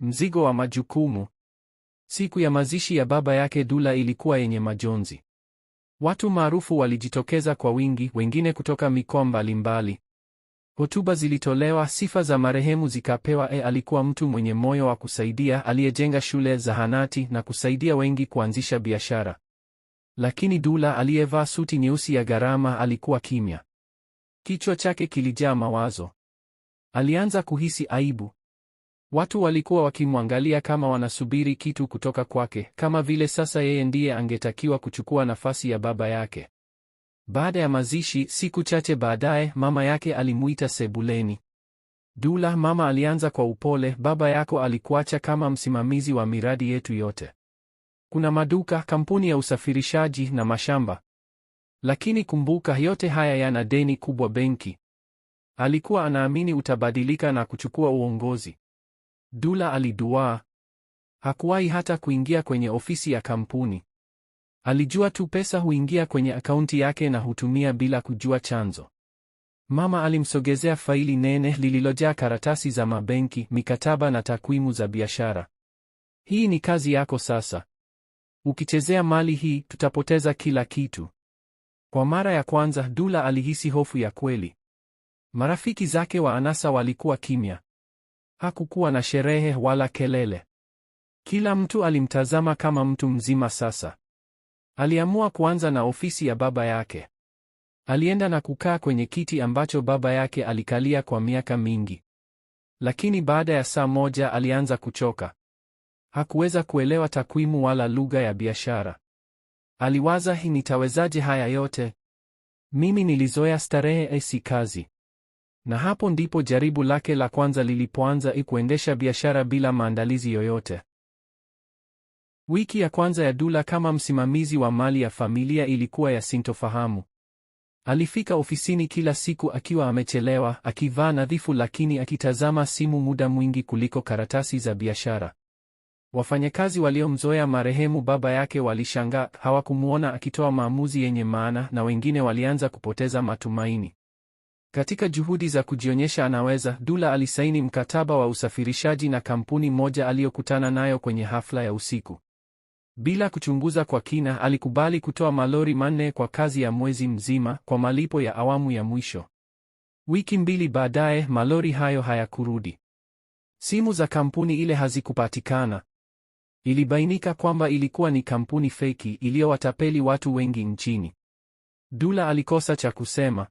Mzigo wa majukumu. Siku ya mazishi ya baba yake Dula ilikuwa yenye majonzi. Watu maarufu walijitokeza kwa wingi, wengine kutoka mikoa mbalimbali. Hotuba zilitolewa, sifa za marehemu zikapewa. E, alikuwa mtu mwenye moyo wa kusaidia, aliyejenga shule, zahanati na kusaidia wengi kuanzisha biashara. Lakini Dula aliyevaa suti nyeusi ya gharama alikuwa kimya. Kichwa chake kilijaa mawazo. Alianza kuhisi aibu. Watu walikuwa wakimwangalia kama wanasubiri kitu kutoka kwake, kama vile sasa yeye ndiye angetakiwa kuchukua nafasi ya baba yake. Baada ya mazishi, siku chache baadaye, mama yake alimuita sebuleni. Dula, mama alianza kwa upole, baba yako alikuacha kama msimamizi wa miradi yetu yote. Kuna maduka, kampuni ya usafirishaji na mashamba. Lakini kumbuka, yote haya yana deni kubwa benki. Alikuwa anaamini utabadilika na kuchukua uongozi. Dula aliduaa. Hakuwahi hata kuingia kwenye ofisi ya kampuni. Alijua tu pesa huingia kwenye akaunti yake na hutumia bila kujua chanzo. Mama alimsogezea faili nene lililojaa karatasi za mabenki, mikataba na takwimu za biashara. Hii ni kazi yako sasa. Ukichezea mali hii, tutapoteza kila kitu. Kwa mara ya kwanza, Dula alihisi hofu ya kweli. Marafiki zake wa anasa walikuwa kimya. Hakukuwa na sherehe wala kelele. Kila mtu alimtazama kama mtu mzima sasa. Aliamua kuanza na ofisi ya baba yake. Alienda na kukaa kwenye kiti ambacho baba yake alikalia kwa miaka mingi. Lakini baada ya saa moja alianza kuchoka. Hakuweza kuelewa takwimu wala lugha ya biashara. Aliwaza, hii nitawezaje haya yote? Mimi nilizoea starehe, si kazi. Na hapo ndipo jaribu lake la kwanza lilipoanza ikuendesha biashara bila maandalizi yoyote. Wiki ya kwanza ya Dula kama msimamizi wa mali ya familia ilikuwa ya sintofahamu. Alifika ofisini kila siku akiwa amechelewa, akivaa nadhifu lakini akitazama simu muda mwingi kuliko karatasi za biashara. Wafanyakazi waliomzoea marehemu baba yake walishangaa, hawakumwona akitoa maamuzi yenye maana na wengine walianza kupoteza matumaini. Katika juhudi za kujionyesha anaweza, Dula alisaini mkataba wa usafirishaji na kampuni moja aliyokutana nayo kwenye hafla ya usiku. Bila kuchunguza kwa kina, alikubali kutoa malori manne kwa kazi ya mwezi mzima kwa malipo ya awamu ya mwisho. Wiki mbili baadaye, malori hayo hayakurudi. Simu za kampuni ile hazikupatikana. Ilibainika kwamba ilikuwa ni kampuni feki iliyowatapeli watu wengi nchini. Dula alikosa cha kusema.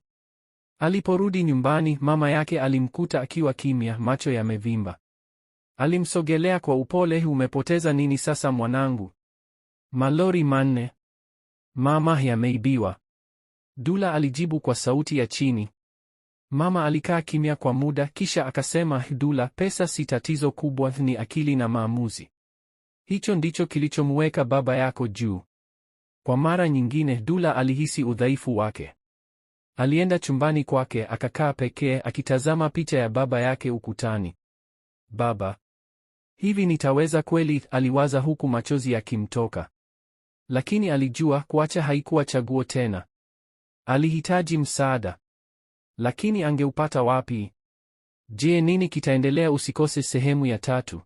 Aliporudi nyumbani, mama yake alimkuta akiwa kimya, macho yamevimba. Alimsogelea kwa upole, umepoteza nini sasa mwanangu? Malori manne mama, yameibiwa, Dula alijibu kwa sauti ya chini. Mama alikaa kimya kwa muda, kisha akasema, Dula, pesa si tatizo kubwa, ni akili na maamuzi. Hicho ndicho kilichomweka baba yako juu. Kwa mara nyingine, Dula alihisi udhaifu wake. Alienda chumbani kwake akakaa pekee akitazama picha ya baba yake ukutani. Baba, hivi nitaweza kweli? Aliwaza huku machozi yakimtoka, lakini alijua kuacha haikuwa chaguo tena. Alihitaji msaada, lakini angeupata wapi? Je, nini kitaendelea? Usikose sehemu ya tatu.